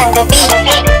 on the beat.